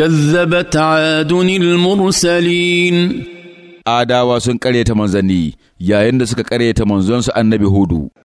كذبت عاد mursalin. adawa sun ƙaryata manzani yayin da suka ƙaryata manzonsu annabi hudu